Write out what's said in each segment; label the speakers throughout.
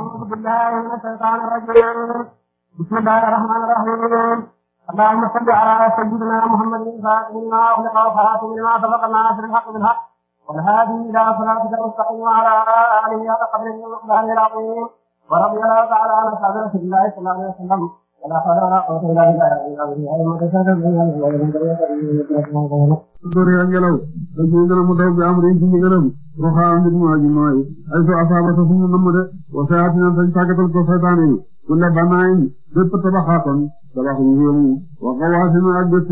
Speaker 1: أعوذ بالله من الشيطان الرجيم بسم الله الرحمن الرحيم اللهم صل على سيدنا محمد الفاتح لما أغلق وخاتم لما سبق الناصر الحق بالحق والهادي إلى صراطك المستقيم وعلى آله حق قدره ومقداره العظيم ورضي الله تعالى عن أصحاب رسول الله صلى الله عليه وسلم su dóoree ak ngelaw da ci ngërëmu daw bi am ri ci ngërëm ruxaa mbir mu aji nooy ay so asaabata fu mu nëmm de wa sayaatina tañ tàggatal ko saytaane yi kulla banaayin bépp tabaxaakoon tabax yu yéemu wa xawaasina ak bépp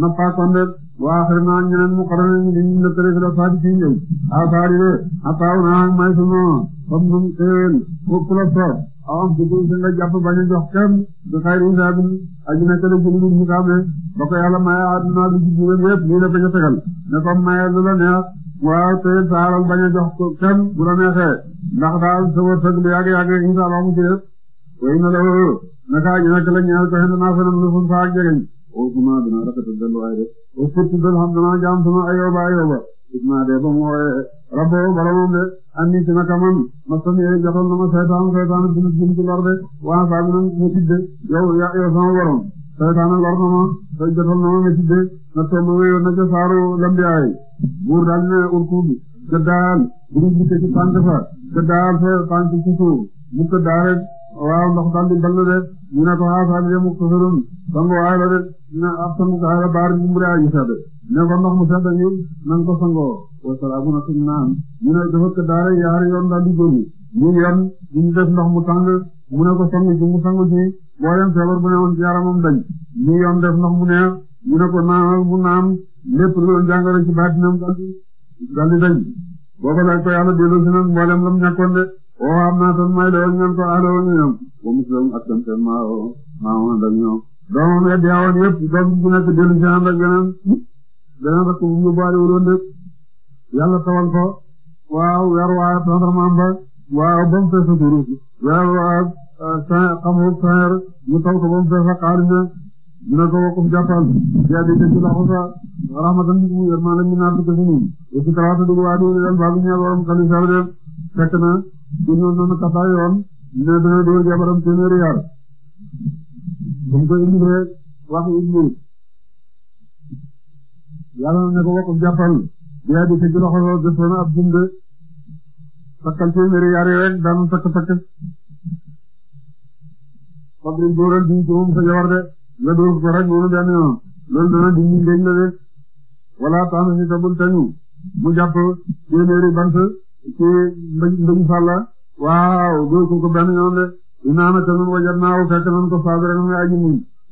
Speaker 1: nappaakoon de wa axirna ñeneen mu xarana ñu liñ lëkkale fi la saadi ci njëy asaari de ataaw naa may su noo fam num xeen ku la so aw dugub dina jàpp bañ a jox kenn du a hisaabi aji nekk la jëndul ñu xamee ba ko yàlla maye àdduna lu jublu rek yëpp lii la bañ a fegal ne ko maye lu la neex waaw te saaral bañ a jox ko bu la neexee ndax daal sa wërsëg lu yàgg yàgg hisaab amu ci def way na la woo naka aji nekk la ñeel ko xëy naa feneen lu fun faak jegeñ o suma dina rafetal delluwaay rek o surtout dal xam dana jaam sama ayooba ayooba isma de ba mu wooyee rabbo boromam de andi ci naka man ma sonn yéen jotoon na ma saytaan saytaan bi ñu ci lor de waaw saa bi nag ma tidde yow yaa sama borom saytaan lor na ma te jotoon na ma ma tidde na tomb wéyoon na ca saaru lambiyaay buur daal ne urku bi gëddaal ci tànk fa gëddaal fa tànk ci suuf mu gëddaa rek waaw ndox daal di de ñu ne ko waaw saa bi de mu ko sërum sangu la de na ab sangu kaay baar ñu mu sa de ne ko ndox mu sedd mi na nga ko sangoo wasalaamu na suñu naan ñu ne dafa ko daara yaari yoon daal di góobu ñu yem ñu def ndox mu tàng mu ne ko sangu mu sangu mboolem feebar bu ne woon dañ ñu yem def ndox mu neex ñu ne ko naanal mu naan lépp loolu jàngoro ci baatinam daal di daal dañ booba ko yàlla delloo si mboolem la mu ñàkkoon de am naa may lawoon ngeen ko aalowo ñu ñoom ba muslim ak tam seen maa maamoon dañ ñoom doomam eddi awoon yëpp doom bu nekk dana fekk bu ñu boole wu tawal ko waaw weer waa tendrement ba waaw ba mu fees a turu weer waa euh, saa taw ko ba mu fees a xaalis ñu ne ko wokkum jàppal yaa di dëgg la xosa rahmatan bi mu yermaa la ñu naan ko ci ñun et puis tawaata dugg waa di leen baabu ñeel waram xalifa bi dem fekk yar bu ko indi wax iblis yàlla na ko bokk jàppal yaa di ci loxo lool defoon ab bumbe takkal téeméeri yaari rek daanu takk takk fabri dóoral diñ ci moom sa jabar de nga dóor ko rek noonu benn yoon loolu dana dindi ngéñ la de wala tax si tabul tañu mu jàpp téeméeri bant ci mbëñ fàlla waaw dóor ko ko benn yoon de inaana kanun wajat naaw fekk nan ko faabira nga aji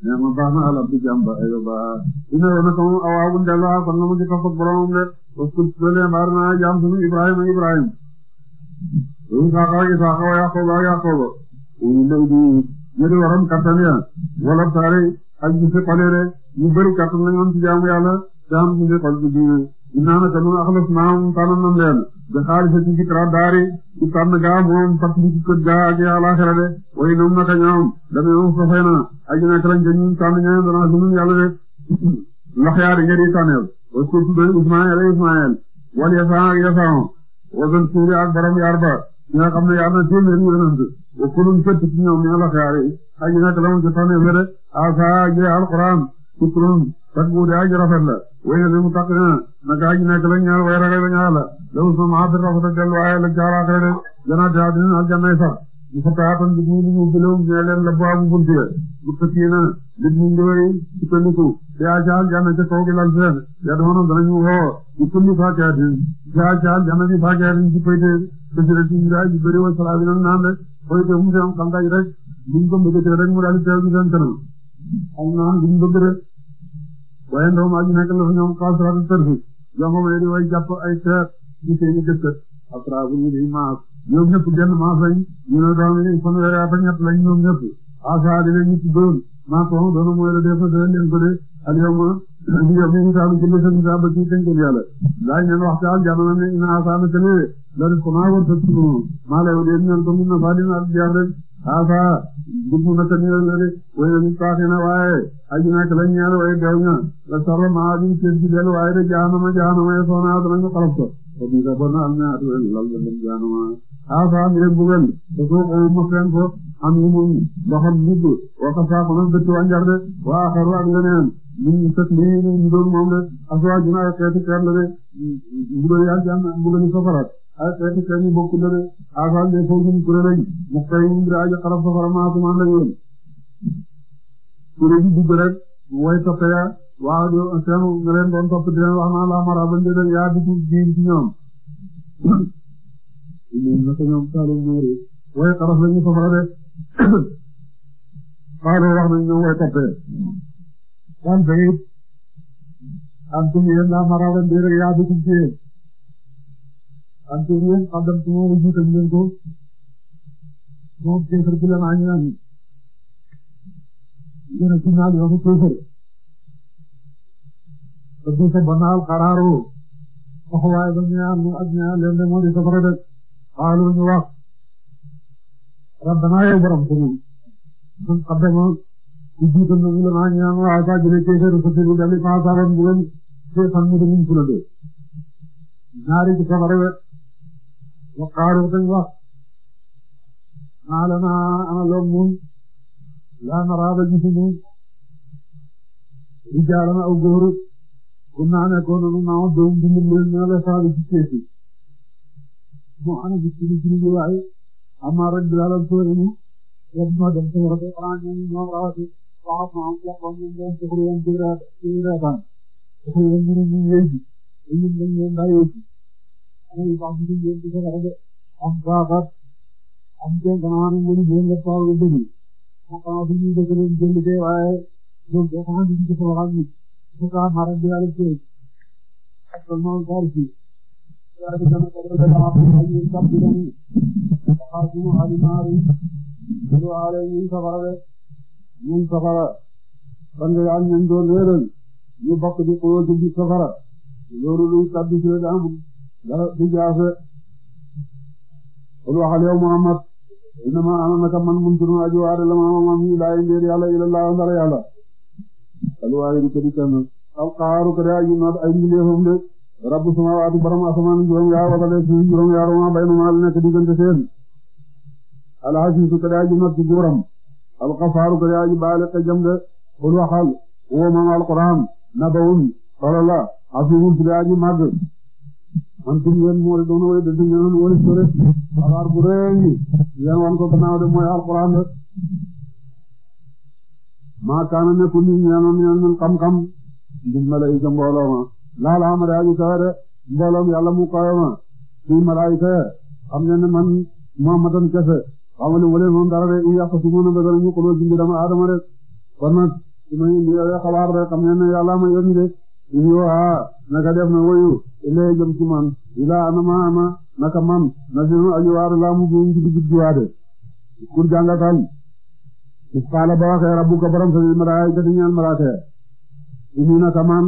Speaker 1: nee ma baax na alhamdulilah di am ba aywa baax dina yéeme sama awa bu Ndella fan la ma ci topp ak boromam de parce que léegi baar naa jaam suñu Ibrahima Ibrahima. loolu Isaaxa ak waram kattan wala taare ak gis-xale ñu bëri kattan lañu am ci jaamu yàlla te am naana ka nun axalas naam tànn nan leen da a ci fikra daari ci tànn gaa moom fàttali ci kër gaa ak àllaaxira de way noom naka ñoom dame moom safay na aji nak lañ dañu tànn ñaan dana de ndax yaa di ngeen wa surtu doy Ismaayil a Ismaayil wal yasaan ak yasaan wa zan suuri ak borom yaar ba ñi nga xam ne yaar na téeméer yonent wa kulum sëtt ci ñoom ñi lax yaari aji nak lañ ci tànneel de wéyal bi mu tàq na na gaa ji nekk la ñu ñaar way ragal la ñu ñaar la loolu sama affaire la ko fa delluwaayee la jaaraat rek de gannaaw te àddina ak jàmmay sax bu fa taatoon di ñu bële wu ñu la bu am buntu la bu fekkee na nit ñi ñëwee ci yaa caal jàmm ca kaw gi lal seen yaa dama yi yaa caal jàmm bi fàkkeet yi ci fayte te si rek ñu daay ñu bëri woon salaa bi nag naan rek fayte mu seen xam-xam rek buñ ko mbëgg rek mu daal di teew seen kanam ak naan buñ bëgg waaye ndaw maa ngi nekk na ñoom xaasaraatu tërfi yomb may di way jàpp ay seet ci seen i gëstët asra bu ñu di maas ñoom ñëpp genn maas lañ ñu ne doom yi fanweeri at ak ñett lañ ñoom ñëpp asa di leen ñu ci doon maa ko doon mooy na leen ko de ak yow ma ñu yow ñu taalu ci lesen sa ba ci tënkal yàlla laaj leen wax ci aljanna ne ina asa na tele la ris ko maa war sa ci maa lay leen ñaan ko mun na faa dina ak jeex asa gudd na te niral na a way na mi a waaye aji nak la ñeel waaye dew na la sarra maa bi seen ci del waaye de jahanama jahanama ye soona danañu xalaf ko ko bi ka bon am na atu en lal ba dem jahanama asa mi rek bugal te soo ko ma fen ko am yi mun loxam gudd waxa saaxono ay xeeti xeet yu bokkul la de afaal de foofu ñu kuréel lañ mu xëy safara ma asumaan la yoon kuréel yi way toppe ya waaw do seen nga leen doon topp di la mara bañ yaa dugg diin ci ñoom ñoom naka ñoom saalum moori way xarab lañu safara de waaw wax ñoom way toppe wan feyit am ci la mara bañ yaa dugg diin am ci yéen xam dem ci moom jiital ngeen ko moom kéefar la maa ñu naan yéen a ci naan yoonu kéefar te du banaal xaraaru waxuwaay ba ñu naan ak ñu naan leen de moo di safara rek xaalu wax rabbana yow borom ko ñun man xam dama ci la maa ñu naan sa tëbu wa qaalu dañ wax maa lanaa ana lom nun laa naraa ba gisuñu rijaalan aw góor kunnaa nekkoon nu na'udduhum minal ci seeti moo ana gis ci ci ñu waay amma rek bilal al suurimu yadma dem ci rata quraan ñu ñoom rawati waaw ma am wax ñu ñu ci ay wax bi yeen ci dara de am baabat am jeng na ni mu jeng ko ko dum ko ko bi ni de ko jeng de waaye ñoom de xana di ci ko wax ni ko ka mara di ala ci ak ko mo gar ci ya de dama ko da ma ko ni sab di ni ka ko mu ali mari do ala ni sabara de ni sabara bande ya ñen do leeral ñu bokk di ko jëm ci sabara loolu lu tabbi ci la amul dara du jaase waxal yow Muhammad innama ana naka man munturun aji waare la ma ma mi laayi ndeer yàlla ilallah ndara yàlla alwaari du kadi kenn alqaaru kadi aji noot ay mbindeefam de rabbu samaawaati borom asamaan juróom yaar wala de suuf juróom yaar ma baynuma la nekk diggante seen alhasiisu kadi aji noot ci góoram alqafaaru kadi aji baale ka jam de qul waxal woo moom alquraan nabawun xolola asiisun kadi aji màgg man suñu yéen moo di doon wala de suñu yéen wala si xabaar bu rëy ngi yéen wan ko gannaaw de mooy alquran rek maa kaana nekkul ñu ñaanoon ñaan ñun xam-xam ndim malaayika mbooloo ma laalaa malaayika ya de mbooloom yàlla mu koy ma suñu malaayika ya xam ngeen ne man Muhammadan kese xamali wala moom dara de i yàq su mën a bëgg ñu xuloo jindi dama aadama rek kon nag su xabaar rek xam ngeen ne ma yónni de iwa naka def na woyu ilay jëm ci man ila anama ana naka man nasirun aji waaru laa mu buum guddi guddi waate kur jàngatal is xaala ba waxee rabbuka borom sa lil malaa'ikati ñaan malaaka ini naka man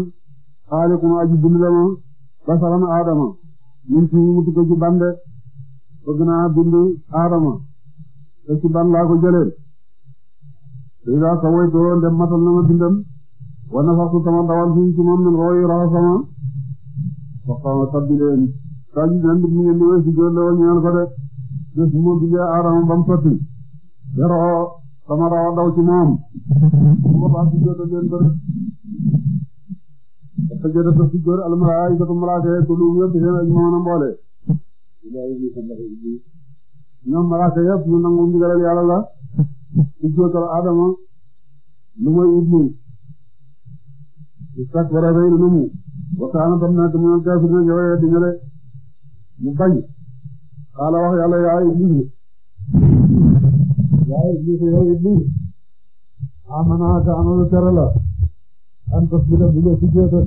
Speaker 1: xaaliqun aji bind la ma basaran aadama min fi mu tukko ci ban de bëgg naa bind aadama te ci ban laa ko jëlee ila sa woytoo ndem matal na ma bindam wana faxtu sama ndawal fii ci moom min rooyu raxa sama waxama tabbi leen taji nan dig mi ngeen di wéy si jóollewal ñeel ko de gis mu digee aadama ba mu sotti yaroo sama rawa daw ci moom ta si góor almalaay katu malaaka kulu yëpp seen ak moom na mboole ñoom malaaka yëpp ñu nangu ndigalal yàlla la si jóotal istakbara rëy na mu waxtaana tam naa dama gaafirina yow ya di ñale mu bañ xaala wax yàlla yaa iblis yaa iblis yow iblis amanaaka anolu tere la an tos bi la bu la si jeetal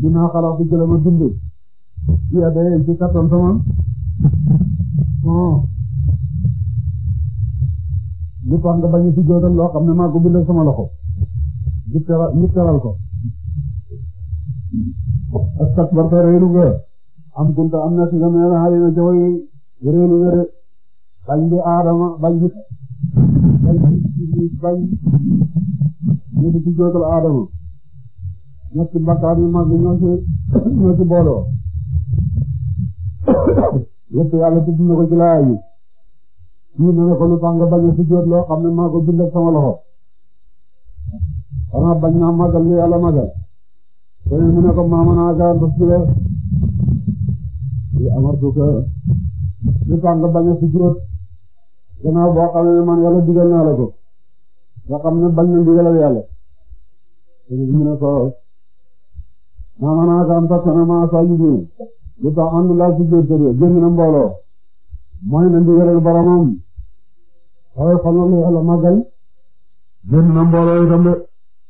Speaker 1: bi naa xalaat bi jëlama dund ci adee ci kattan sama non li tax nga bañ loo xam ne maa ko bindal sama loxo ñu teral ñu ko astakbarta réelu nga am kunta am na si nga na yéen a joxoy réelu nga de bañ bi aadama bañ bi bañ ñu di ci jootal aadama ñetti na ko ci laay yi kii na ne ko lu tax loo xam ne maa ko bind sama loxo xanaa bañ naa magal li yàlla magal tey mu ne ko maama naa gàllankoor la di amatu ko li tax nga bañ a sujjóot gannaaw boo xam ne man yàlla digal naa la ko nga xam ne bañ na digalal yàlla tey mu ne ko maama naa gàllankoor sama maa saa yu bëri li tax ànd laa sujjóot kër génn na mbooloo mooy na digalal boromam waaye xam nga lu yàlla màggal génn na mbooloo itam de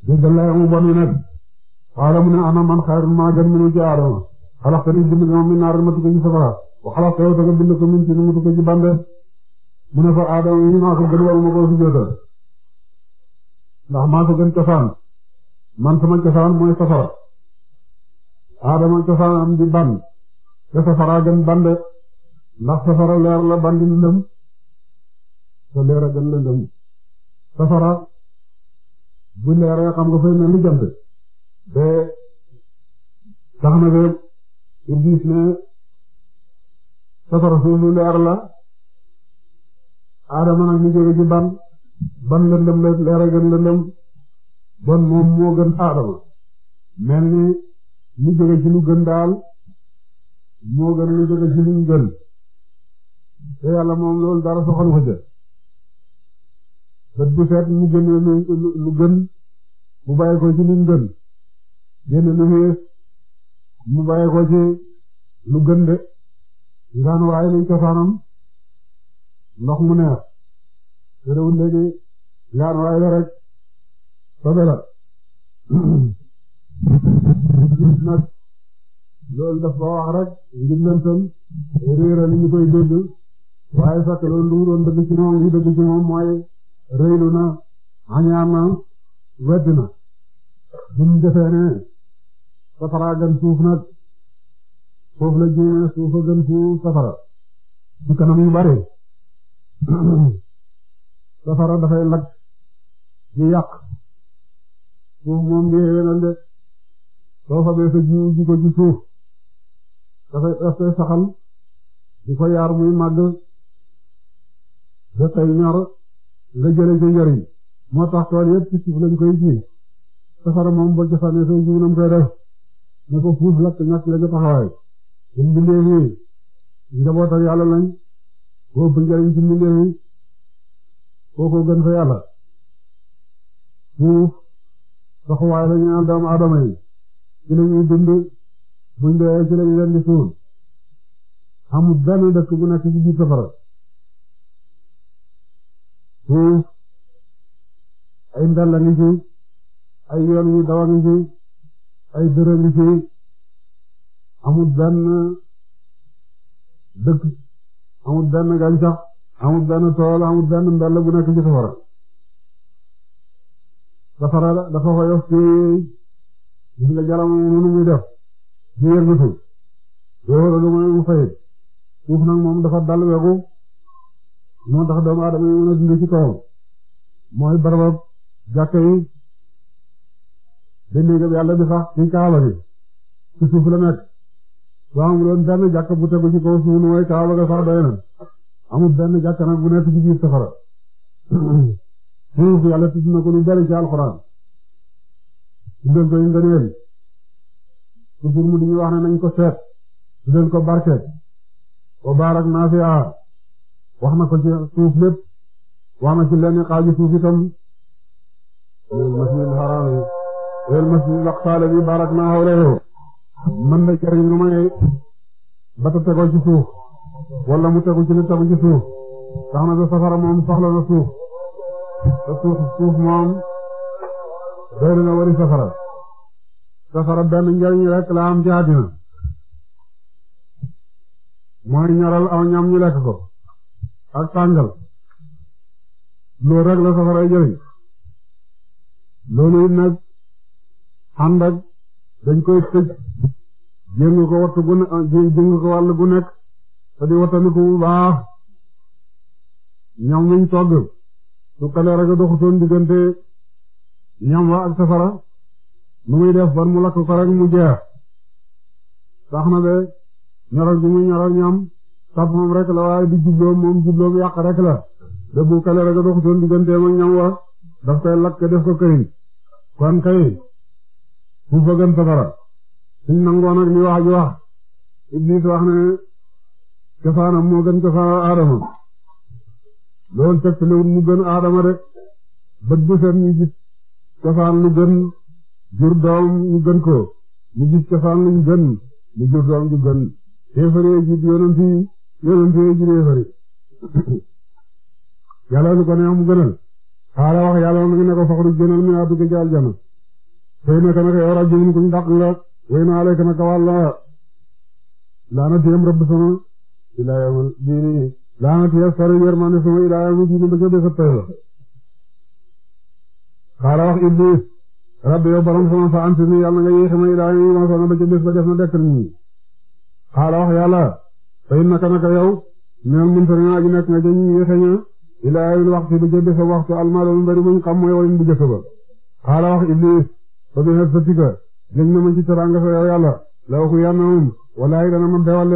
Speaker 1: digal la yamu bon wi nag. xaala ne ana man xayrun maa gën minu ci aadama xalaxta ni bind nga ma min ma tukko ci safara wa xalaxta yow taga bind ko min ci ma tukko ci bande mu ne fa aadama yi ma ko sujjóotal cosaan man sama cosaan mooy safara aadama cosaan am di ban te safara gën bande ndax safara leer la bandi lëndëm te safara bu leeree xam nga fay mel ni jant ba tax na ba Iblis ne safara suuf lu leer la Adama nag ñu jóge ci ban ban lëndëm lëndëm bon moom moo gën Adama mel ni ñu jóge ci lu gën daal moo gën lu jóge ci luñ gën te yàlla moom loolu dara soxal ko bët bu set ñu gënee lu gën bu bàyyi ko ci luñ gën génn lu xees mu bàyyi ko ci lu gën de ngaan waaye luy cosaanam ndox mu neex terewul léegi ngaan waaye la rek la rek ngir lëntëm réera li ñu koy dégg waaye fekk loolu lu doon dëgg ci moom li dëgg moom mooy rëylu na añaan wedd na bu mu safara gën suuf nag foofu la juumee suuf a gën suuf safara ci kanam yu bari safara dafay lakk di yàq suuf moom di yéenal de soo fa bee sa jiw ji ko ci suuf dafay ëppee saxal di ko yaar muy màgg ba tey ñor nga jële ci moo tax tool yëpp ci suuf lañ koy ji safara moom ba ci fanee sa jiw nam koy def na ko fuuf lakk ñàkk la nga taxawaay suñ bindee fii njabootam yàlla lañ koo ëpp njëriñ suñ bindee fii kooku gën fa yàlla fuuf taxawaay la ñu naan doomu aadama yi ci la ñuy dund buñ dee ci la ñu leen di suul amul benn dëkk bu nekk ci biir safara fuuf ay ndàll a ngi ci ay yoon yu daw a ngi ci ay dërëm yi fi amul dëkk amul benn gàncax amul benn tool amul benn mbell bu nekk ci safara safara dafa xoyof ci gis nga jaram mënu muy def ci yërmatu yow rek mooy mu fay suuf nag moom dafa dal wegu moo tax doomu aadama yi mën a dund mooy barab jàkka ba néegam yàlla bi sax ci kaaba gi suuf la nekk waaw amul woon benn jàkk bu tegu suuf mooy kaaba ga sax doy na amul benn jàkk nag bu nekk suuf yàlla tudd na ko lu bari ci alxuraan tuddal ko ngëneel toujours mu di wax ne nañ ko seet tuddal ko barke wa barak naa fi wax na ko ci suuf lépp wax na ci lenn xaaju suuf itam masjidil haram wal masjid al-aqsa alladhi barakna hawlahu mën na jëriñ lu may ba te tegoo ci suuf wala mu tegu ci lu tegu ci suuf tax na safara moom soxla na suuf te suuf suuf moom doy wari safara safara benn njëriñ rek la am ci àddina mooy ñoral aw ñam ñu lekk ak tàngal loolu rek la safara jëriñ loolu it nag handaj dañ koy tëj jéng ko wattu ah, gu nekk te di wattaliku bu baax ñam wiñ togg su kaleer a doxutoon diggante ñam wa ak safara nu muy def ban mu lakk ko rek mu jeex tax na be ñoral bi muy ñoral ñam sab moom rek la waaye di jubloom moom jubloom yàq rek la de bu kaleer a doxutoon diggante ma ñam wa daf koy lakk def ko këriñ kon kay bu bëggante dara suñ nangoon ak li wax ji wax Iblis wax ne cosaanam moo gën cosaanal Adama loolu tegtalewul mu gën Adama rek bët bu set ñu gis cosaan lu gën jur doom gën ko ñu gis cosaan luñ gën ñu jur doom gën xeefaree ji yonent yi yonent yi ji xeefari yàlla ko neex mu gënal xaala wax yàlla nag ne ko faxru gënal mi addu ko ci aljana xëy na kana ka yow rajulun kuñ dàq nga xëy na alayka naka wàlla laana tiyam rabb sama diini laana tiyam sari yermande sama ilaa yawmal diini ba ca bés a pexe wax iblis rabbi yow borom sama fa antir ni yàlla nga yéexi ma ilaa yawmal ba ca bés ba def na dekk wax yàlla fa in naka naka yow mel mun tane naa ji nekk nga jëñ yéexe ña ilaa yawmal waxtu ba ca bés a waxtu almaalo mu bari muñ xam bu jëkk ba xaala wax iblis bëgg na sëtika léegi na ma ci teranga sa yow yàlla la waxu yannahum walaay dana ma bewal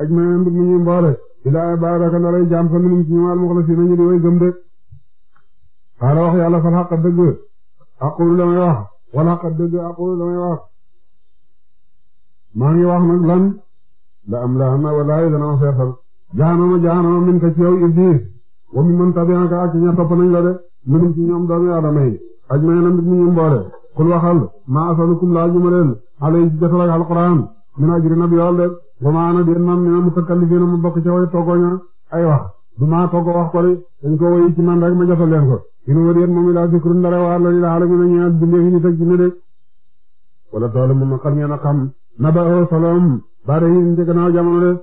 Speaker 1: aj ma neen bëgg mu ñuy mboole ilaa baraka la lay jaam sa minum ci ñëwaal muxlasiina ñu di way gëm de xaala wax yàlla fal xaq dëgg aqulu damay wax wal xaq dëgg aqulu damay wax maa ngi wax nag lan la am la na walaay dana ma feesal jahanama jahanama min ka ci yow iblis wa mi man tabi'aka ak ña topp nañ la de minum ci ñoom doomi kul waxal ma asalukum laajuma leen alay ci jotal ak alquran min ajrin ab yool de wa ma ana déet man mina mutakallifiina ma bokk ca way toggooña ay wax du ma toggo wax ko de dañ ko wayi ci man rek ma jotal leen ko in huwa déet moom ilaa zikrun ndara waar la lil aalamiina ñeel bindeefi nit ak jinne de wala toole moom a xam ñeen a xam na ba oo saloom ba de hin ci gannaaw jamono de